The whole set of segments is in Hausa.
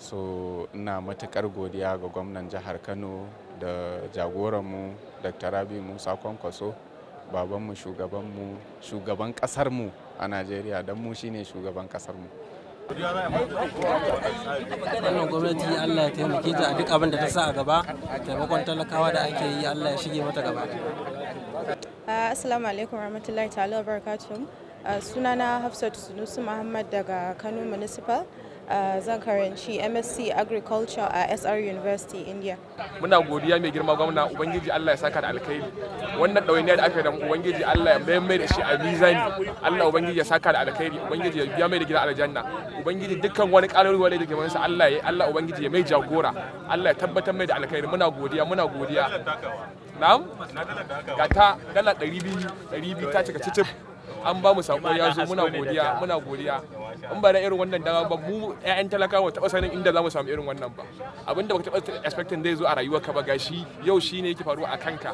so ina matukar godiya ga gwamnan jihar kano da jagoranmu dr rabi musa kwankwaso babanmu shugabanmu shugaban kasarmu a najeriya don mu shine shugaban kasarmu wannan gwamnati allah ya taimake ta a duk abin da ta sa a gaba taimakon talakawa da ake yi allah ya shige mata gaba ah, assalamu alaikum rahmatullahi ta'ala barakatuhu ah, sunana hafsat sunusu muhammad daga kano municipal zan karanci MSc Agriculture a SR University India. Muna godiya mai girma gwamna Ubangiji Allah ya saka da alkhairi. Wannan ɗawainiya da aka yi da Ubangiji Allah ya bayan mai da shi a mizani. Allah Ubangiji ya saka da alkhairi, Ubangiji ya biya mai da gida aljanna. Ubangiji dukkan wani ƙalubale da gaban sa Allah ya Allah Ubangiji ya mai jagora. Allah ya tabbatar mai da alkhairi. Muna godiya, muna godiya. Na'am? Ga ta dala ɗari biyu ta cika cicif. An ba mu sako ya zo muna godiya, muna godiya. in ba da irin wannan dama ba mu ƴaƴan talakawa taɓa sanin inda za mu samu irin wannan ba abinda baka taɓa expecting zai zo a rayuwarka ba gashi yau ne yake faruwa a kanka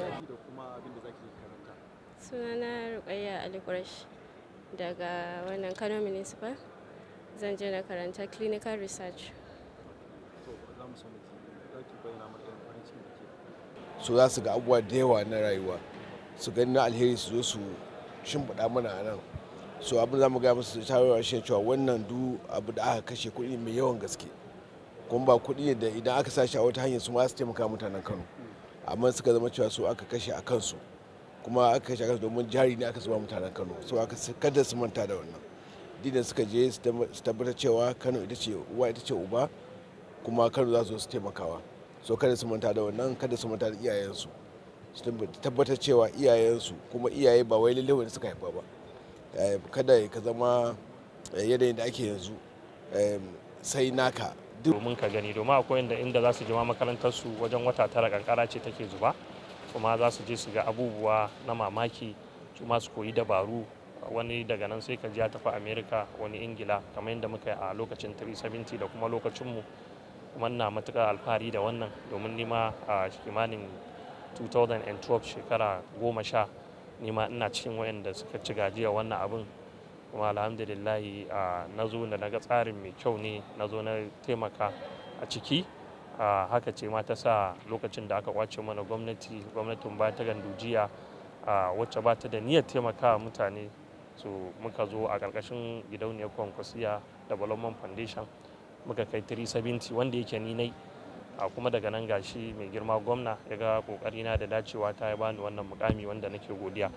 sunana rukayya ali qurash daga wannan kano municipal zan je na karanta clinical research so za su ga abubuwa da yawa na rayuwa su gani na alheri su zo su shimfiɗa mana a nan so abin za mu gaya musu shawarwar shi cewa wannan du abu da aka kashe kuɗi mai yawan gaske kuma ba kuɗi ne da idan aka sashi a wata hanyar su ma su taimaka mutanen kano amma suka zama cewa su aka kashe a kansu kuma aka kashe a kansu domin jari ne aka zuba mutanen kano so aka kada su manta da wannan dinan suka je su tabbatar cewa kano ita ce uwa ita ce uba kuma kano za su su taimakawa so kada su manta da wannan kada su manta da iyayensu su tabbatar cewa iyayensu kuma iyaye ba wai lallai wani suka haifa ba Eh, kada ka zama eh, yanayin da ake yanzu sai naka domin ka gani domin akwai inda inda za su jima makarantar su wajen wata tara kankara ce take zuba kuma za su je su ga abubuwa na mamaki su su koyi dabaru wani daga nan sai ka ji ya tafi america wani ingila kamar yadda muka yi a lokacin 370 da kuma lokacinmu kuma na matuƙar alfahari da wannan domin nima a kimanin 2012 shekara goma sha ni ma ina cikin wayanda suka ci gajiya wannan abin kuma alhamdulillah na zo da naga tsarin mai kyau ne nazo na taimaka a ciki haka ce ma ta sa lokacin da aka kwace mana gwamnati gwamnatin ba ta gandujiya wacce ba ta da niyyar taimaka mutane su muka zo a ƙarƙashin gidauniyar kwankwasiya development foundation muka kai 370 wanda yake ni nai a kuma daga nan gashi mai girma gwamna ya ga kokari da dacewa ta ya bani wannan mukami wanda nake godiya